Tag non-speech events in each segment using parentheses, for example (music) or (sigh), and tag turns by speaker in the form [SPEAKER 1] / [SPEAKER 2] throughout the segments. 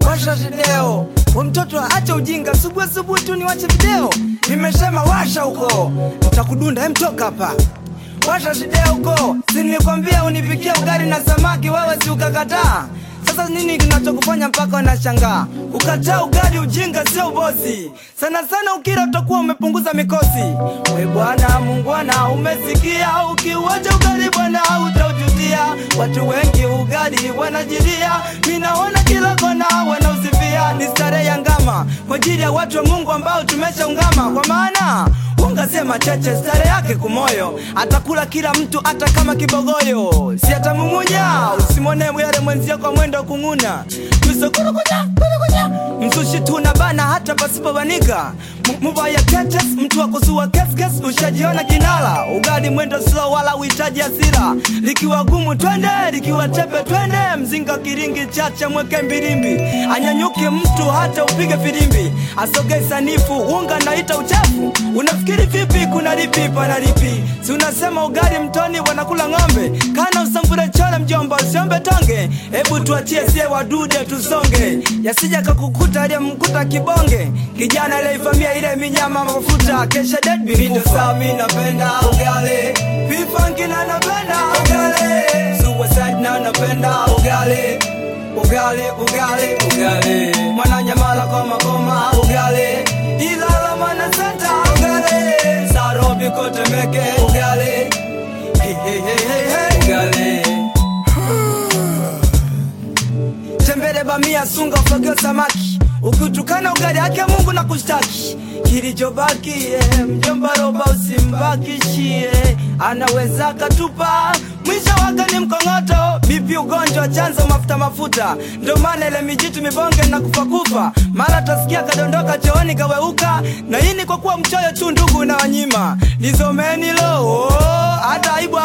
[SPEAKER 1] Washa video, we mtoto acha ujinga, subuhi subuhi tu niwache video. Nimesema washa huko, nitakudunda, hem, toka hapa washa shida huko, si nilikwambia unipikia ugali na samaki, wewe si ukakataa? Sasa nini kinachokufanya mpaka wanashangaa? Ukataa ugali, ujinga sio ubozi. Sana sana ukira utakuwa umepunguza mikosi. We Bwana Mungu ana umesikia, ukiuacha ugali bwana utaujutia. Watu wengi ugali wanajilia, minaona kila kona wanausifia, ni starehe ya ngama kwa ajili ya watu wa Mungu ambao tumeshaungama, kwa maana ungasema cheche stare yake kumoyo, atakula kila mtu hata kama kibogoyo, si atamumunya. usimone yale mwenzio kwa mwendo kung'una, kunya mzushi tuna bana hata pasipo banika mubaya tetes mtu akuzua keskes, ushajiona kinala ugali mwendo slow, wala uhitaji asira, likiwa gumu twende, likiwa tepe twende, mzinga kiringi chacha mweke mbilimbi, anyanyuke mtu hata upige filimbi vipi? Asoge sanifu unga naita uchafu. Unafikiri vipi? Kuna lipi pana lipi? Si unasema ugari mtoni wanakula ng'ombe, kana usambure chole mjomba, usiombe tonge. Hebu tuachie sie wadude tusonge, yasija kakukuta mkuta kibonge, kijana aliyeivamia ile minyama mafuta, kesha dead bibi. napenda ugali, vipangi na napenda ugali, ugali, ugali, mwana nyamala koma koma, ugali, Ilala mwana Manasata, ugali, Sarobi Kotemeke, ugali, hey, hey, hey, hey, hey. ugali. (sighs) Tembele bamia sunga ufagio samaki Ukitukana ugali haki Mungu na kushtaki kilichobaki eh, mjomba roba usimbakishie, anaweza katupa mwisho wake ni mkong'oto chanzo mafuta mafuta, ndo maana ile mijitu mibonge na kufa kufa, mara tasikia kadondoka chooni kaweuka, na hii ni kwa kuwa mchoyo tu ndugu na wanyima, nizomeni loo hata aibwa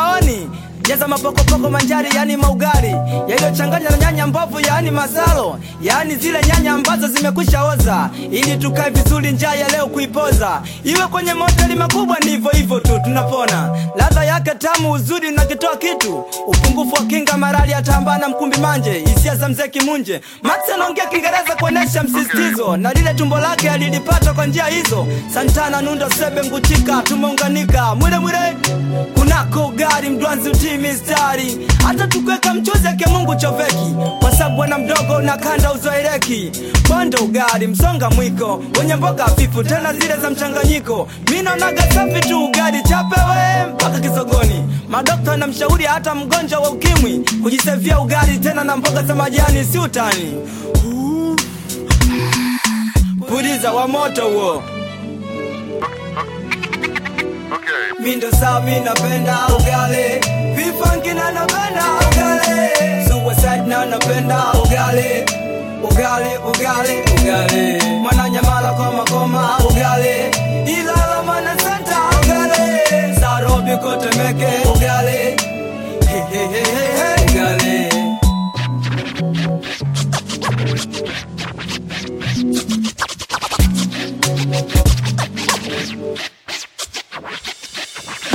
[SPEAKER 1] Cheza mapokopoko manjari, yani maugali yaliyochanganya na nyanya mbovu, yani masalo yani zile nyanya ambazo zimekwisha oza, ili tukae vizuri, njaa ya leo kuipoza. Iwe kwenye mahoteli makubwa, ni hivyo hivyo tu tunapona. Ladha yake tamu, uzuri unakitoa kitu, upungufu wa kinga, marali na mkumbi manje, hisia za mzee Kimunje. Max anaongea Kiingereza kuonesha msisitizo, na lile tumbo lake alilipata kwa njia hizo. Santana, Nundo, Sebe, Nguchika, tumeunganika mwile mwile yako gari, mdwanzi utii mistari, hata tukweka mchuzi yake Mungu choveki, kwa sababu wana mdogo na kanda uzoeleki, bando ugali msonga mwiko wenye mboga hafifu tena zile za mchanganyiko, mino naonaga safi tu ugali chapewe mpaka kisogoni. Madokta na mshauri hata mgonjwa wa ukimwi kujisevia ugali tena na mboga za majani, si utani. Puliza wa moto huo Okay. Mimi sa saa mimi napenda ugali. Vipo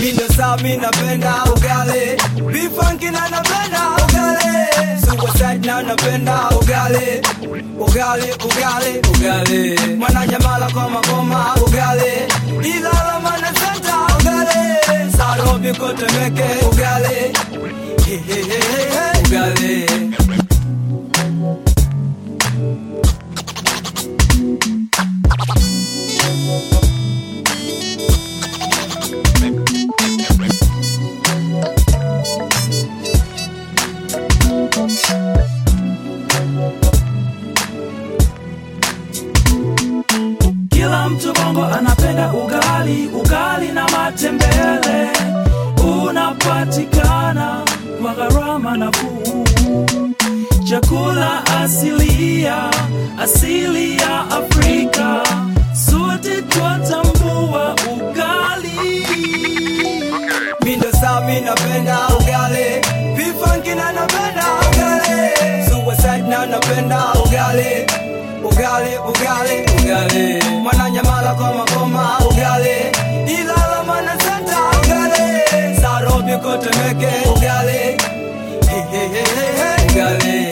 [SPEAKER 1] Mina sabi napenda ugali Bifunki na napenda ugali Suicide na napenda ugali Ugali, ugali, ugali Mwananyamala kwa makoma ugali Ilala manasenta ugali Sarobi kutemeke ugali Hehehehe hupatikana kwa gharama nafuu. Chakula asilia, asili ya Afrika, sote twatambua ugali. Mindo sami napenda ugali, vifangina napenda ugali, suwasad na napenda ugali, ugali ugali ugali, mwananyamala kwa makoma ugali, ilala mana manasata ugali kotoneke ugale hey, hey,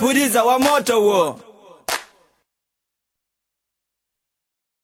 [SPEAKER 1] Puliza wa moto huo.